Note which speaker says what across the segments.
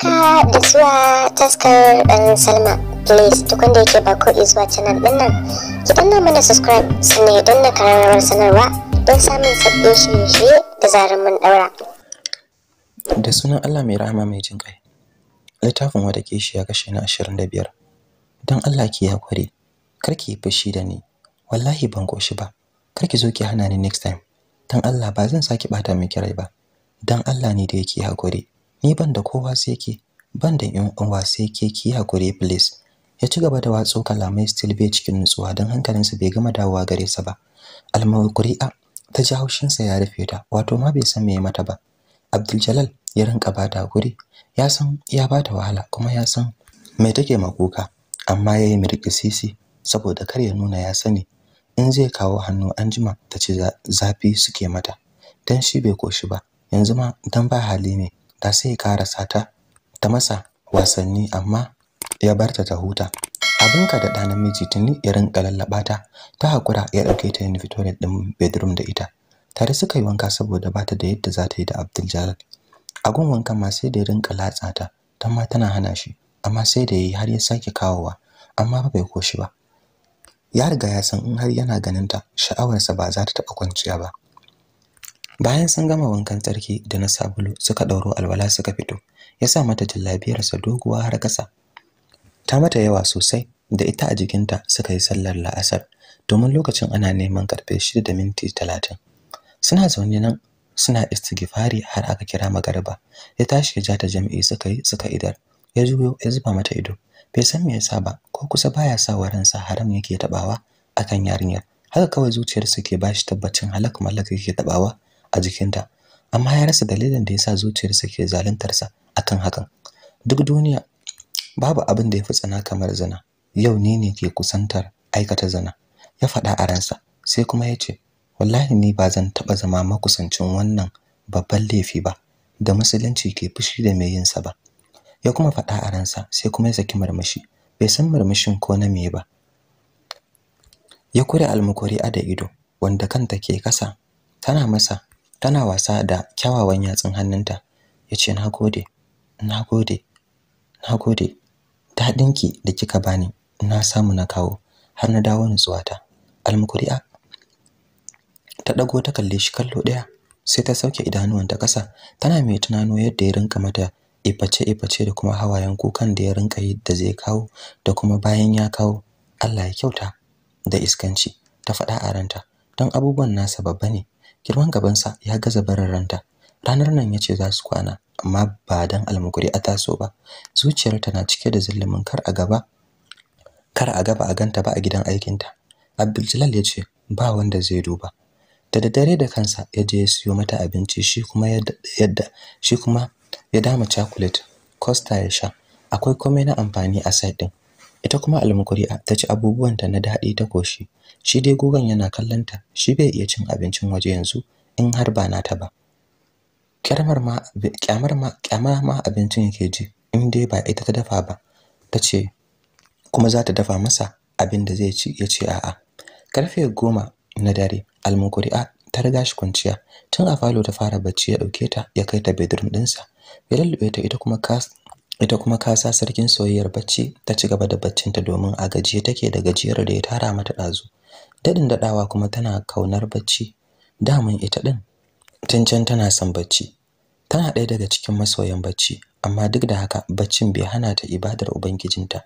Speaker 1: haka da zuwa taskar dan salma please duk wanda yake ba ko zuwa canal din nan ki danna mana subscribe sannan ya danna karamar sanarwa don samun sabbin shirye-shirye da zarar mun daura da sunan allah mai rahama mai jin kai littafin wada ke shi ya kashe na 25 don allah ki ya kware kar ki fushi da ni wallahi ban koshi ba kar ki zo ki hana ni next time dan allah ba zan saki bata miki rai ba dan allah ne da yake hakuri ni ban da kowa sai ke ban da yan uwa sai ke ki hakuri please ya ci gaba da watso kalamai still be cikin nutsuwa don hankalinsa bai gama dawowa gare sa ba almawqri'a ta ji haushin sa ya rufe ta wato ma bai san me ya mata ba abdul jalal ya rinka bata guri, ya san ya bata wahala kuma ya san me take makuka amma yayi sisi, saboda kar ya nuna ya sani in zai kawo hannu anjima ta ci zafi suke mata dan shi bai koshi ba yanzu ma dan ba hali ne da sai karasa ta ta masa wasanni amma ya barta ta huta abinka da ɗan namiji tuni ya rinka ta ta hakura ya dauke ta yin fitore din bedroom da ita tare suka yi wanka saboda bata da yadda za ta yi da Abdul Jalal agun wanka ma sai da ya rinka latsa ta ta ma tana hana shi amma sai da yayi har ya sake kawowa amma ba bai koshi ba ya riga ya san in har yana ganin ta sha'awarsa ba za ta taɓa kwanciya ba bayan sun gama wankan tsarki da na sabulu suka ɗauro alwala suka fito ya sa mata jallabiyarsa doguwa har ƙasa ta mata yawa sosai da ita a jikinta suka yi sallar la'asar domin lokacin ana neman karfe shida da minti talatin suna zaune nan suna istighfari har aka kira magariba ya tashi ya ja ta jami'i suka yi suka idar ya juyo ya zuba mata ido bai san me yasa ba ko kusa baya sa wa ransa haram yake tabawa akan yarinyar haka kawai zuciyarsa ke bashi tabbacin halak malaka yake tabawa a jikinta amma ya rasa dalilin da yasa zuciyarsa ke zaluntarsa akan hakan duk duniya babu abin da yafi tsana kamar zina yau ne ne ke kusantar aikata zina ya faɗa a ransa sai kuma ya ce wallahi ni ba zan taɓa zama makusancin wannan babban laifi ba da musulunci ke fushi da mai yinsa ba ya kuma faɗa a ransa sai kuma ya saki murmushi bai san murmushin ko na me ba ya kure almukuri a da ido wanda kanta ke kasa tana masa tana wasa da kyawawan yatsun hannunta yace nagode nagode nagode daɗinki da kika bani na samu na kawo har na dawo nutsuwata almukuri'a ta ɗago ta kalle shi kallo ɗaya, sai ta sauke idanuwanta ƙasa. tana mai tunano yadda ya rinka mata iface iface da kuma hawayen kukan da ya rinka yi da zai kawo da kuma bayan ya kawo Allah ya kyauta da iskanci ta faɗa a ranta don abubuwan nasa babba ne Girman gabansa ya gaza bararanta, Ranar nan yace za su kwana, amma ba dan almuguri a taso ba. Zuciyarta na cike da zulumin kar a gaba kar a gaba a ganta ba a gidan aikin ta Abdul ya ce ba wanda zai duba. Da daddare da kansa ya je ya siyo mata abinci shi kuma yadda shi kuma ya dama chocolate Costa ya sha. Akwai komai na amfani a side din. ita kuma almukuri'a ta ci abubuwan ta na daɗi ta koshi shi dai gogon yana kallon ta shi bai iya cin abincin waje yanzu in har ba nata ba kyamar ma kyamar ma abincin yake ji in dai ba ita ta dafa ba ta ce kuma za ta dafa masa abin da zai ci ya ce a'a karfe goma na dare almukuri'a ta riga shi kwanciya tun a falo ta fara bacci ya ɗauke ta ya kai ta bedroom ɗinsa ya lallube ta ita kuma ita kuma kasa sarkin soyayyar bacci ta ci gaba da baccinta domin a gajiye take da gajiyar da ya tara mata ɗazu Daɗin daɗawa kuma tana kaunar bacci daman ita ɗin tun tana son bacci tana ɗaya daga cikin masoyan bacci amma duk da haka baccin bai hana ta ibadar ubangijinta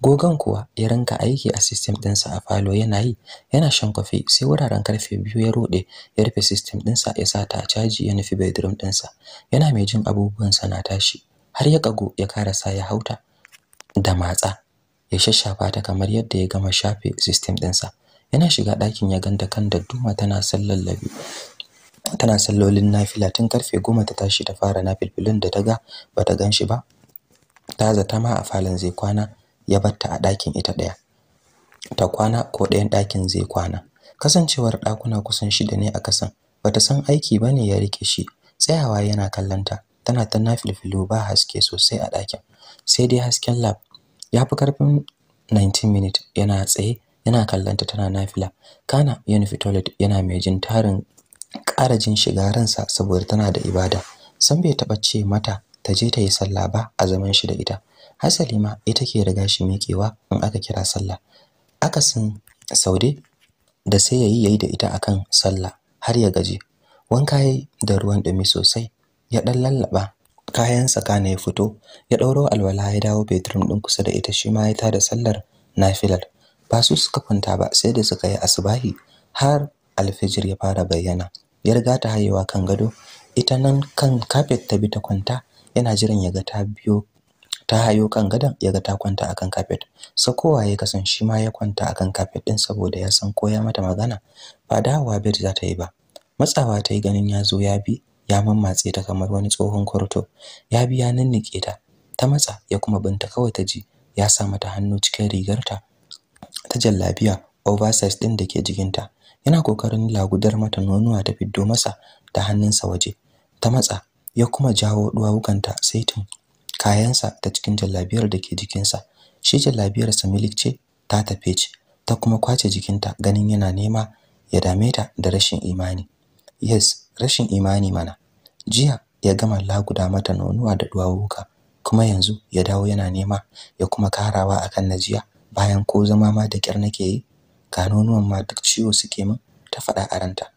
Speaker 1: gogon kuwa ya rinka aiki a system ɗinsa a falo yana yi yana shan kwafi sai wuraren karfe biyu ya rode ya rufe system ɗinsa ya sa ta caji ya nufi bedroom ɗinsa yana mai jin abubuwan na tashi har ya kago ya karasa ya hauta da matsa ya shashafa ta kamar yadda ya gama shafe system ɗinsa yana shiga ɗakin ya ganda kan dadduma tana sallallabi tana sallolin nafila tun karfe goma ta tashi ta fara nafilfilin da ta ga bata gan shi ba ta zata ma a falon zai kwana ya batta a ɗakin ita ɗaya ta kwana ko ɗayan ɗakin zai kwana kasancewar ɗakuna kusan shida ne a kasan bata san aiki bane ya rike shi tsayawa yana kallanta tana ta nafilfilo ba haske sosai a ɗakin sai dai hasken lab ya fi karfin 19 Minit yana tsaye yana kallanta tana nafila kana ya yana mai jin tarin ƙara jin shiga ransa saboda tana da ibada san bai taɓa ce mata ta je ta yi sallah ba a zaman shi da ita hasali ma ita ke riga shi miƙewa in aka kira sallah akasin saude da sai ya yi ya yi da ita akan sallah har ya gaji wanka yayi da ruwan ɗumi sosai ya ɗan lallaɓa. Kayan tsaka ne ya fito ya ɗauro alwala ya dawo bedroom ɗin kusa da ita shi ma ya tada sallar nafilar ba su suka kwanta ba sai da suka yi asbahi har alfijir ya fara bayyana ya riga ta hayewa kan gado ita nan kan kafet ta bi ta kwanta yana jiran ya ga ta biyo ta hayo kan gadon ya ga ta kwanta akan kafet sakowa ya kasan shi ma ya kwanta akan kafet ɗin saboda ya san ko ya mata magana ba dawowa bed za ta yi ba matsawa ta yi ganin ya zo ya bi ya mammatse ta kamar wani tsohon kwarto ya biya ninnike ta ta matsa ya kuma binta kawai ta ji ya sa mata hannu cikin rigarta ta jallabiya oversize din da ke jikinta yana kokarin lagudar mata nonuwa ta fiddo masa da hannunsa waje ta matsa ya kuma jawo duwawukanta saitin kayansa ta cikin jallabiyar da ke jikinsa shi jallabiyar sa milik ce ta tafe ce ta kuma kwace jikinta ganin yana nema ya dame ta da rashin imani yes rashin imani mana jiya ya gama laguda mata nonuwa da duwawuka kuma yanzu ya dawo yana nema ya kuma karawa akan najiya bayan ko zama ma da kyar nake yi ga nonuwan ma duk ciwo suke min ta faɗa a ranta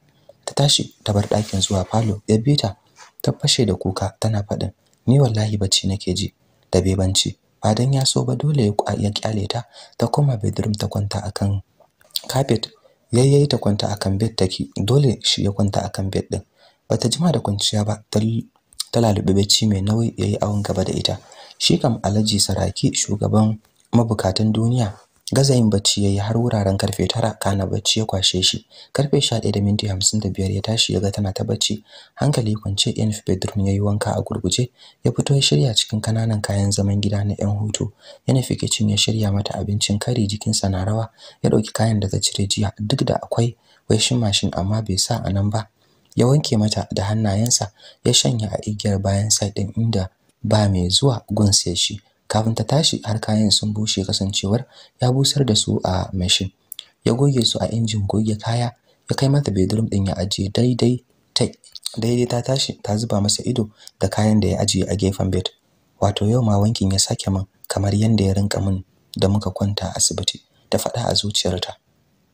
Speaker 1: ta tashi ta bar ɗakin zuwa falo ya bi ta ta fashe da kuka tana faɗin ni wallahi bacci nake ji da bebanci ba dan ya so ba dole ya kyale ta ta koma bedroom ta kwanta akan carpet yayyai ta kwanta akan bed take dole shi ya kwanta a kan bed din bata jima da kwanciya ba ta lalube bacci mai nauyi yayi awon gaba da ita shi kam Alhaji Saraki shugaban mabukatan duniya gaza yin bacci yayi har wuraren karfe tara kana bacci ya kwashe shi karfe 11:55 da minti ya tashi ya ga tana ta bacci hankali kwance in bedroom yayi wanka a gurguje ya fito ya shirya cikin kananan kayan zaman gida na yan hutu ya fike kitchen ya shirya mata abincin kari jikin sa na rawa ya dauki kayan da ta cire jiya duk da akwai washing mashin amma bai sa a nan ba ya wanke mata da hannayensa ya shanya a igiyar bayan side din inda ba mai zuwa gunse shi kafin ta tashi har kayan sun bushe kasancewar ya busar da su a mashin ya goge su a injin goge kaya ya kai mata bedroom din ya ajiye daidai ta daidai ta tashi ta zuba masa ido da kayan da ya ajiye a gefen bed wato yau ma wankin ya sake min kamar yanda ya rinka min da muka kwanta asibiti ta faɗa a zuciyarta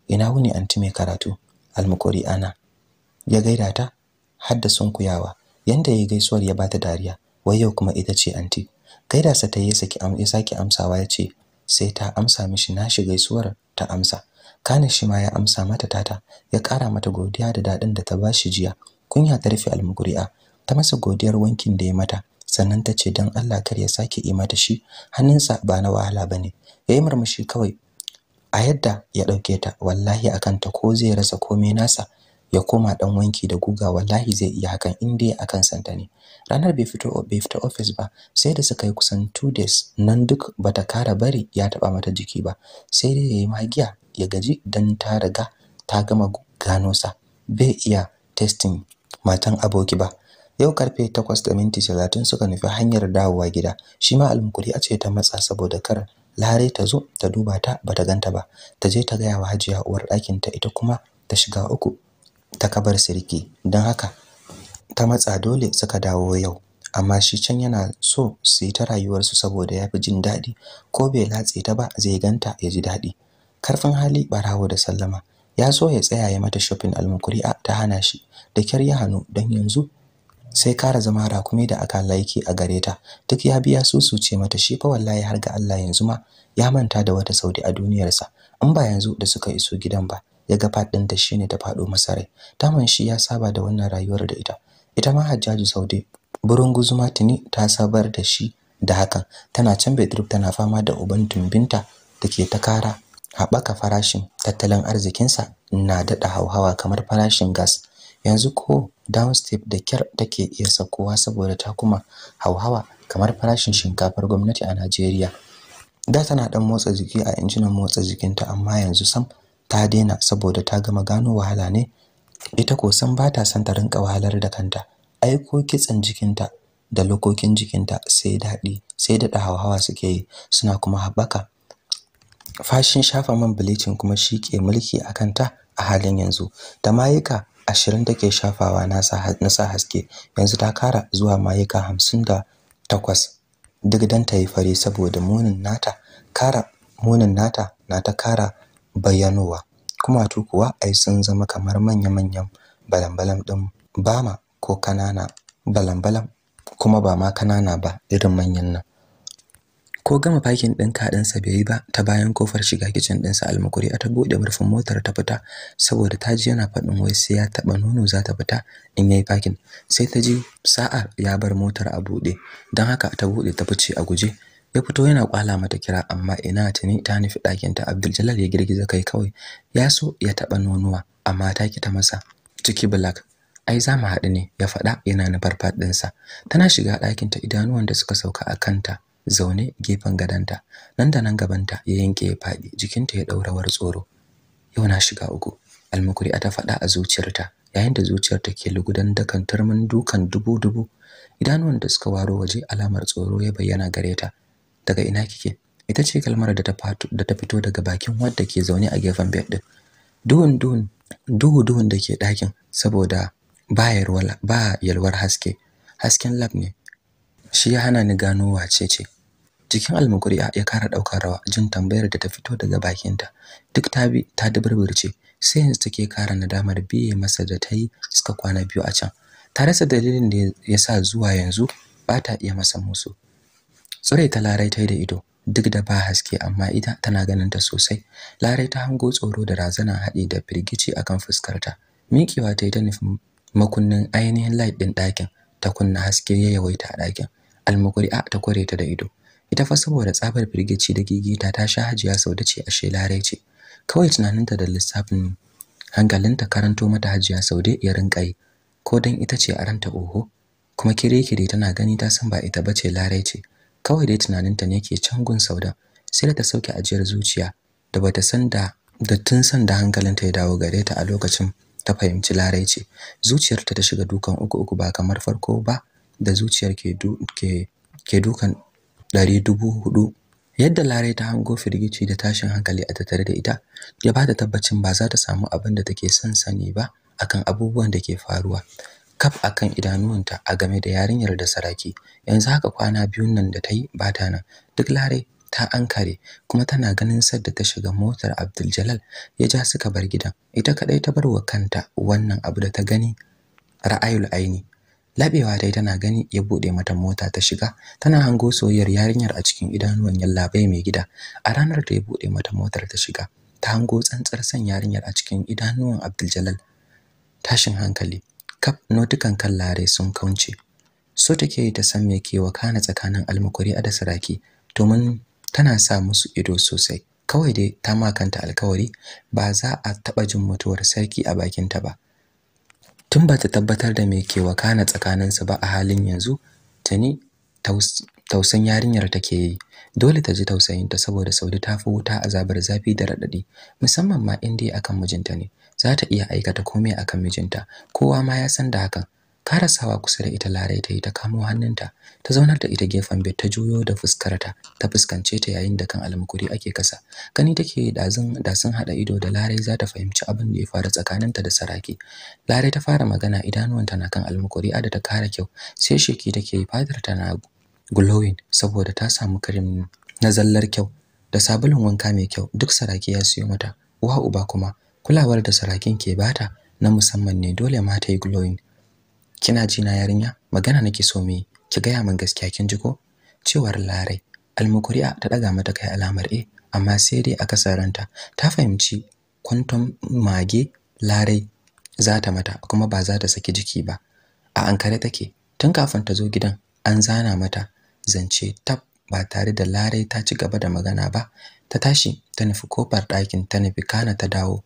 Speaker 1: ina wuni anti mai karatu almukuri ana ya gaida ta har da sunkuyawa yanda ya gaisuwar ya bata dariya wai yau kuma ita ce anti da sa ta yi saki ya saki amsawa ya ce sai ta amsa mishi na shi gaisuwar ta amsa kana shi ma ya amsa mata tata ya kara mata godiya da dadin da ta bashi jiya kunya ta rufe almuguri'a ta masa godiyar wankin da ya mata sannan ta ce don Allah kar ya sake yi mata shi hannunsa ba na wahala bane yayi murmushi kawai a yadda ya dauke ta wallahi akan ta ko zai rasa komai nasa ya koma dan wanki da guga wallahi zai iya hakan in dai akan santa ne ranar bai fito bai fita office ba sai da suka yi kusan 2 days nan duk bata kara bari ya taba mata jiki ba sai dai yayi magiya ya gaji dan ta riga ta gama gano sa bai iya testing matan aboki ba yau karfe takwas da minti talatin, suka nufi hanyar dawowa gida shi ma almukuri a ce ta matsa saboda kar lare ta zo ta duba ta bata ganta ba ta je ta gaya wa hajiya uwar ɗakin ta ita kuma ta shiga uku ta kabar sirki don haka ta matsa dole suka dawo yau amma shi can yana so su yi ta rayuwarsu saboda ya fi jin daɗi ko bai latse ta ba zai ganta ya ji daɗi karfin hali barawo da sallama ya so ya tsaya ya mata shopping almukuri'a ta hana shi da kyar ya hannu don yanzu sai kara zama rakumi da aka laiki a gare ta duk ya biya su ce mata shi fa wallahi har ga Allah yanzu ma ya manta da wata saudi a duniyarsa in ba yanzu da suka iso gidan ba ya ga da shi shine ta faɗo masa rai daman shi ya saba da wannan rayuwar da ita ita ma Hajjaju Saude guzuma tuni ta sabar da shi da hakan tana can bedroom tana fama da uban tumbinta dake ta kara haɓaka farashin tattalin arzikinsa na daɗa hauhawa kamar farashin gas yanzu ko step da kyar take iya sakowa saboda ta kuma hauhawa kamar farashin shinkafar gwamnati a Najeriya da tana ɗan motsa jiki a injinan motsa jikinta amma yanzu sam ta daina saboda ta gama gano wahala ne ita ko san ba ta son ta rinka wahalar da kanta ai ko kitsan jikinta da lokokin jikinta sai daɗi sai da hawa suke yi suna kuma haɓaka fashin shafa man bleaching kuma shi ke mulki a kanta a halin yanzu da mayuka ashirin take shafawa na sa haske yanzu ta kara zuwa mayuka hamsin da takwas duk dan ta yi fari saboda munin nata kara munin nata na ta kara bayyanowa kumatu kuwa ai sun zama kamar manya-manyan balambalam din bama ko kanana balambalam kuma ba ma kanana ba irin manyan nan ko gama fakin din kaɗinsa bai ba ta bayan kofar shiga kicin ɗinsa almukuri ta buɗe murfin motar ta fita saboda ta ji yana faɗin wai sai ya taɓa nono za ta fita in yayi fakin sai ta ji sa'ar ya bar motar a buɗe don haka ta buɗe ta fice a guje ya fito yana kwala mata kira amma ina tuni ta nufi ɗakinta Abdul ya girgiza kai kawai ya so ya taɓa nonuwa amma ta kita masa ciki black ai za mu haɗu ne ya faɗa yana nufar faɗinsa tana shiga ɗakinta idanuwan da suka sauka a kanta zaune gefen gadonta nan da nan gabanta ya yanke ya faɗi jikinta ya ɗaurawar tsoro yau na shiga uku almukuri ta faɗa a zuciyarta yayin da zuciyarta ke lugudan dakan turmin dukan dubu-dubu idanuwan da suka waro waje alamar tsoro ya bayyana gareta. daga ina kike ita ce kalmar da ta fito da ta fito daga bakin wanda ke zaune a gefen bed din duhun duhun duhu duhun da ke ɗakin saboda ba ba yalwar haske hasken lab ne shi ya hana ni gano wace ce jikin almukuri ya kara daukar rawa jin tambayar da ta fito daga bakinta duk ta bi ta dabarbarce sai yanzu take kara nadamar biye masa da ta yi suka kwana biyu a can ta rasa dalilin da ya sa zuwa yanzu ba ta iya masa musu Tsure ta larai ta da ido, duk da ba haske amma ita tana ganin ta sosai. Larai ta hango tsoro da razana haɗe da firgici akan fuskarta. Miƙewa ta yi ta nufin makunnin ainihin light ɗin ɗakin, ta kunna haske ya yawaita a ɗakin. Almukuri'a ta kware ta da ido. Ita fa saboda tsabar firgici da gigita ta sha hajiya sau da ce ashe larai ce. Kawai tunaninta da lissafin hankalinta karanto mata hajiya sau da ya rinƙa yi. Ko don ita ce a ranta oho, kuma kire-kire tana gani ta san ba ita bace larai ce. kawai dai tunaninta ne ke can gun sauda sai da ta sauke ajiyar zuciya da bata san da da tun san da hankalinta ya dawo gare ta a lokacin ta fahimci larai ce zuciyarta ta shiga dukan uku uku ba kamar farko ba da zuciyar ke du ke ke dukan ɗari dubu hudu yadda larai ta hango firgici da tashin hankali a tattare da ita ya bata tabbacin ba za ta samu abin da take son sani ba akan abubuwan da ke faruwa kaf kan idanuwanta a game da yarinyar da saraki yanzu haka kwana biyun nan da ta yi ba ta nan duk lare ta ankare kuma tana ganin sadda ta shiga motar Abdul Jalal ya ja suka bar gidan ita kadai ta bar wa kanta wannan abu da ta gani ra'ayul aini labewa dai tana gani ya bude mata mota ta shiga tana hango soyayyar yarinyar a cikin idanuwan yallabai mai gida a ranar da ya bude mata motar ta shiga ta hango tsantsar san yarinyar a cikin idanuwan Abdul Jalal tashin hankali kaf notukan kallare sun kaunce so take ta san me ke wakana tsakanin almukuri'a da saraki domin tana sa musu ido sosai kawai dai ta makanta alkawari ba za a taba jin mutuwar sarki a bakinta ba tun ba ta tabbatar da me ke wakana tsakaninsu ba a halin yanzu tuni tausan yarinyar take yi dole ta ji tausayin ta saboda Saudi ta fi wuta azabar zafi da radadi musamman ma in dai akan mijinta ne za ta iya aikata komai akan mijinta kowa ma ya san da hakan karasawa kusa da ita larai ta yi ta kamo hannunta ta zaunar da ita gefen bed ta juyo da fuskarta ta fuskance ta yayin da kan almukuri ake kasa gani take dazun da sun hada ido da larai za ta fahimci abin da ya faru tsakaninta da saraki larai ta fara magana idanuwanta na kan almukuri ada ta kara kyau sai sheki take fadar ta na glowing saboda ta samu cream na zallar kyau da sabulun wanka mai kyau duk saraki ya siyo mata uwa uba kuma kulawar da sarakin ke bata na musamman ne dole ma ta yi glowing kina ji na yarinya magana nake so mi ki gaya min gaskiya kin ji ko cewar larai almukuri'a ta daga mata kai alamar e amma sai dai aka saranta, ta fahimci kwanton mage larai za ta mata kuma ba za ta saki jiki ba a ankare take tun kafin ta zo gidan an zana mata zance tab ba tare da Larai ta ci gaba da magana ba ta tashi ta nufi kofar ɗakin ta nufi kana ta dawo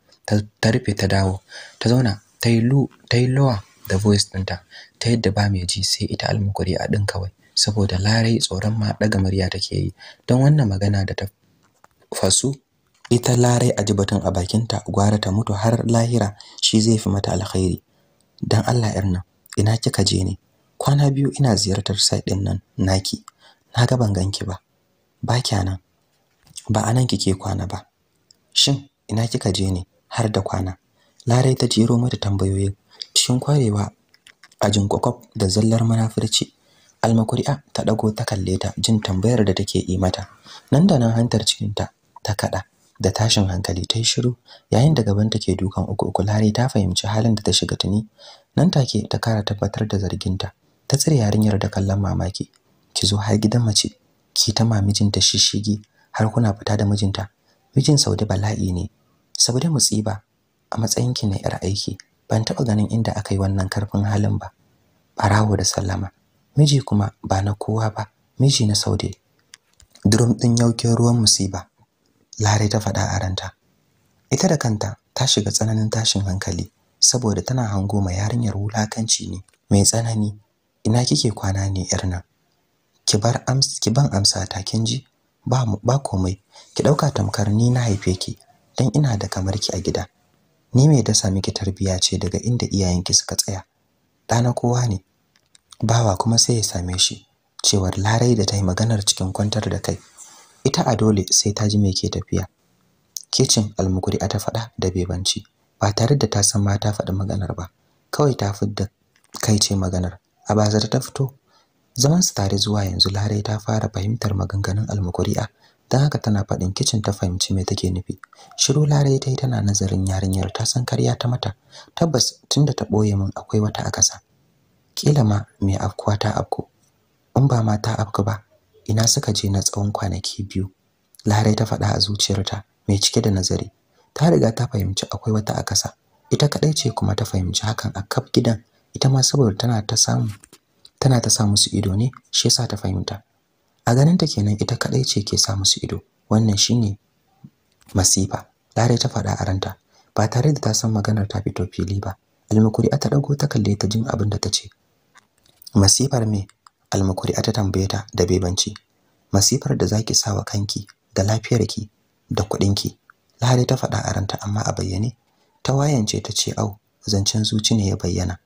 Speaker 1: ta rufe ta dawo ta zauna ta yi luwa da voice ɗinta ta yadda ba mai ji sai ita almukuri a ɗin kawai saboda Larai tsoron ma ɗaga murya take yi don wannan magana da ta fasu ita Larai a jibatin a bakinta gwara ta mutu har lahira shi zai fi mata alkhairi Don Allah 'yar nan ina kika je ne kwana biyu ina ziyartar site din nan naki na ga ban ganki ba ba nan, ba anan kike kwana ba shin ina kika je ne har da kwana larai ta jero mata tambayoyin cikin kwarewa a jinkokof da zallar manafurci, almakuri'a ta ɗago ta kalle ta jin tambayar da take yi mata nan da nan hantar cikinta ta kaɗa da tashin hankali ta yi shiru yayin da gaban take dukan uku uku lare ta fahimci halin da ta shiga tuni nan take ta kara tabbatar da zarginta ta tsare yarinyar da kallon mamaki ki zo har gidan mace ki ta ma mijinta shishigi har kuna fita da mijinta mijin Saudi bala'i ne saboda musiba a matsayin ki na yar aiki ban taba ganin inda aka yi wannan karfin halin ba barawo da sallama miji kuma ba na kowa ba miji na Saudi durum din yaukin ruwan musiba lare ta faɗa a ranta ita da kanta ta shiga tsananin tashin hankali saboda tana hango ma yarinyar wulakanci ne mai tsanani ina kike kwana ne yar nan ki bar ams ki ban amsa ta kin ji ba ba komai ki dauka tamkar ni na haife ki dan ina da kamar ki a gida ni me dasa miki tarbiya ce daga inda iyayenki suka tsaya dana kowa ne bawa kuma sai ya same shi cewar larai da ta yi maganar cikin kwantar da kai ita a dole sai ta ji me ke tafiya kicin almukuri ta faɗa da bebanci ba tare da ta san ma ta faɗi maganar ba kawai ta da kai ce maganar a bazar ta fito zaman su tare zuwa yanzu larai ta fara fahimtar maganganun almukuri'a don haka tana faɗin kicin ta fahimci me take nufi shiru larai ta yi tana nazarin yarinyar ta san karya ta mata tabbas tunda ta ɓoye min akwai wata akasa. kila ma me afkuwa ta afku in ba ma ta afku ba ina suka je na tsawon kwanaki biyu larai ta faɗa a zuciyarta mai cike da nazari ta riga ta fahimci akwai wata a kasa ita kadai ce kuma ta fahimci hakan a kaf gidan ita ma saboda tana ta samu tana ta sa musu ido ne shi yasa ta fahimta a ganin ta kenan ita kadai ce ke sa musu ido wannan shine masifa lare ta faɗa a ranta ba tare da ta san maganar ta fito fili ba almukuri ta dago ta kalle ta jin abin da ta ce masifar me almukuri ta tambaye ta da bebanci masifar da zaki sawa kanki da lafiyarki da kuɗinki lare ta faɗa a ranta amma a bayyane ta wayance ta ce au zancen zuci ne ya bayyana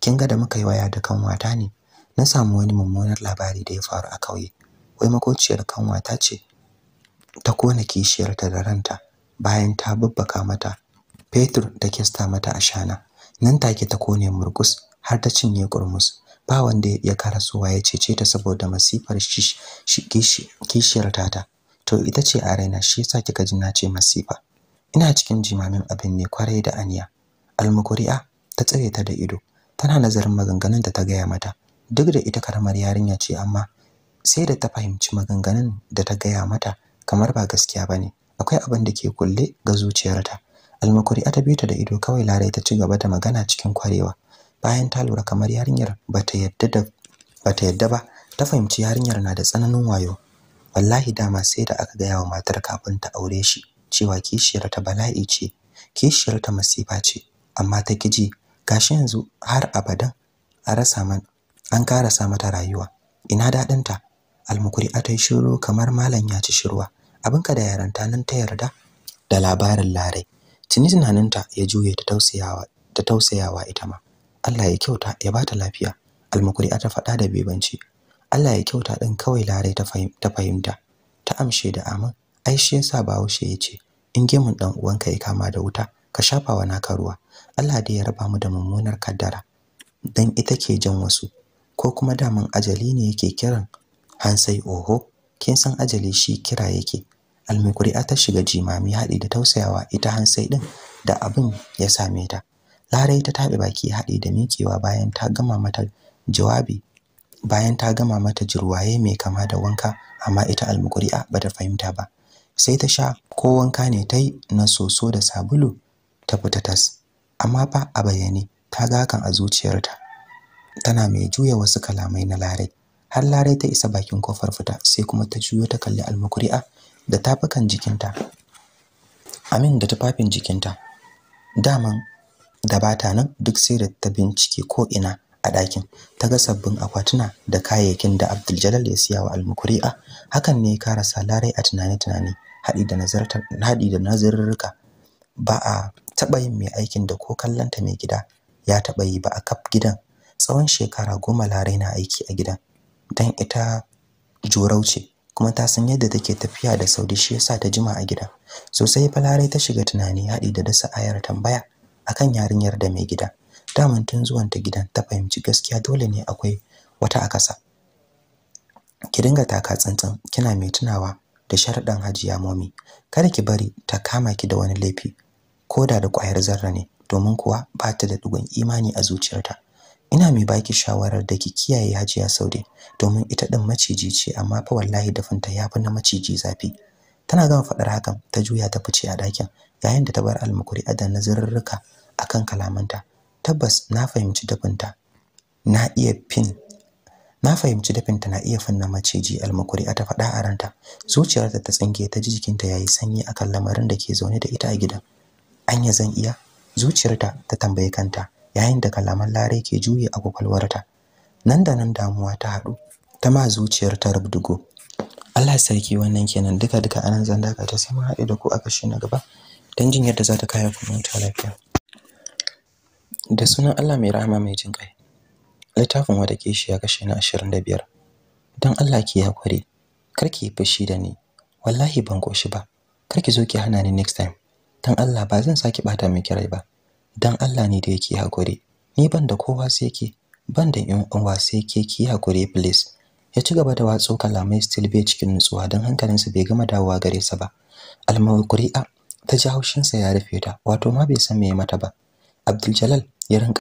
Speaker 1: kin ga da muka yi waya da kanwata ne na samu wani mummunar labari da ya faru a kauye wai makociyar kanwata ce ta kona kishiyarta da ranta bayan ta babbaka mata fetur da kista mata ashana. shana nan take ta kone murkus har ta cinye kurmus ba wanda ya karasowa ya cece ta saboda masifar kishiyar tata to ita ce a raina shi yasa kika ji na ce masifa ina cikin jimamin abin ne kwarai da aniya almukuri'a ta tsare ta da ido tana nazarin maganganun da ta gaya mata duk da ita karamar yarinya ce amma sai da ta fahimci maganganun da ta gaya mata kamar ba gaskiya bane akwai abin da ke kulle ga zuciyarta almakuri ta bi ta da ido kawai Lare ta ci gaba da magana cikin kwarewa bayan ta lura kamar yarinyar bata yadda da bata yadda ba ta fahimci yarinyar na da tsananin wayo wallahi dama sai da aka gaya wa matar kafin ta aure shi cewa kishiyar ta bala'i ce kishiyar ta masifa ce amma ta kiji gashi yanzu har abadan a rasa man an karasa mata rayuwa ina dadin Almukuri almukuri tai shiru kamar malam ya ci shirwa ka da yaranta nan ta yarda da labarin larai tuni tunaninta ya juye ta tausayawa ta tausayawa ita ma Allah ya kyauta ya bata lafiya almukuri ta faɗa da bebanci Allah ya kyauta din kawai larai ta ta fahimta ta amshe da amin ai shi yasa bawo shi yace in gemun dan uwanka ya kama da wuta ka shafa wa naka ruwa Allah da ya raba mu da mummunar kaddara dan ita ke jan wasu ko kuma daman ajali ne yake kiran hansai oho kin san ajali shi kira yake almukuri'a ta shiga jimami hadi da tausayawa ita hansai din da abin ya same ta larai ta tabe baki hadi da miƙewa bayan ta gama mata jawabi bayan ta gama mata jirwaye mai kama da wanka amma ita almukuri'a bata fahimta ba sai ta sha ko wanka ne ta na soso da sabulu ta fita tas amma fa a bayyane ta ga hakan a zuciyarta tana mai juya wasu kalamai na larai har larai ta isa bakin kofar fita sai kuma ta juyo ta kalli almukuri'a da tafukan jikinta amin da tufafin jikinta Dama da bata nan duk sai da ta bincike ko ina a ɗakin ta ga sabbin akwatuna da kayayyakin da Abdul ya siya wa Almukuri'a hakan ne ya karasa larai a tunane-tunane haɗi da nazarta haɗi da ba a taɓa yin mai aikin da ko kallonta mai gida ya taɓa yi ba a kaf gidan tsawon shekara goma Larai na aiki a gidan don ita jorauce kuma ta san yadda take tafiya da saudi shi yasa ta jima a gida sosai fa Larai ta shiga tunani haɗi da dasa ayar tambaya akan yarinyar da mai gida daman tun zuwan ta gidan ta fahimci gaskiya dole ne akwai wata akasa ki dinga taka tsantsan kina mai tunawa da sharaɗin hajiya momi kada ki bari ta kama ki da wani laifi ko da da ƙwayar zarra ne domin kuwa ba ta da dugon imani a zuciyarta ina mai baki shawarar da ki kiyaye Hajiya Saude domin ita din maciji ce amma fa wallahi dafinta yafi na maciji zafi tana gama faɗar hakan ta juya ta fice a ɗakin yayin da ta bar almukuri a na nazarurruka akan kalamanta tabbas na fahimci dafinta na iya fin na fahimci ta na iya finna maciji a ta faɗa a ranta zuciyarta ta tsinke ta ji jikinta yayi sanyi akan lamarin da ke zaune da ita a gidan anya zan iya zuciyarta ta tambaye kanta yayin da kalaman lare ke juye a kwakwalwarta nan da nan damuwa ta haɗu ta ma zuciyar ta rubdugo Allah sarki wannan kenan duka duka anan zan daka ta, sai mun haɗu da ku a kashi na gaba dan jin yadda za ta kaya ku ta lafiya da sunan Allah mai rahama mai jin kai littafin wata shi a kashe na 25 dan Allah ki ya kware karki fushi da ni wallahi ban koshi ba kar ki zo ki hana ni next time dan Allah ba zan saki bata miki rai ba dan Allah ne da yake hakuri ni ban da kowa sai yake ban da yan uwa sai ke ki hakuri please ya ci gaba da watso kalamai still be cikin nutsuwa dan hankalinsa bai gama dawowa gare sa ba almawquri'a ta ji haushinsa ya rufe ta wato ma bai san me mata ba Abdul Jalal ya rinka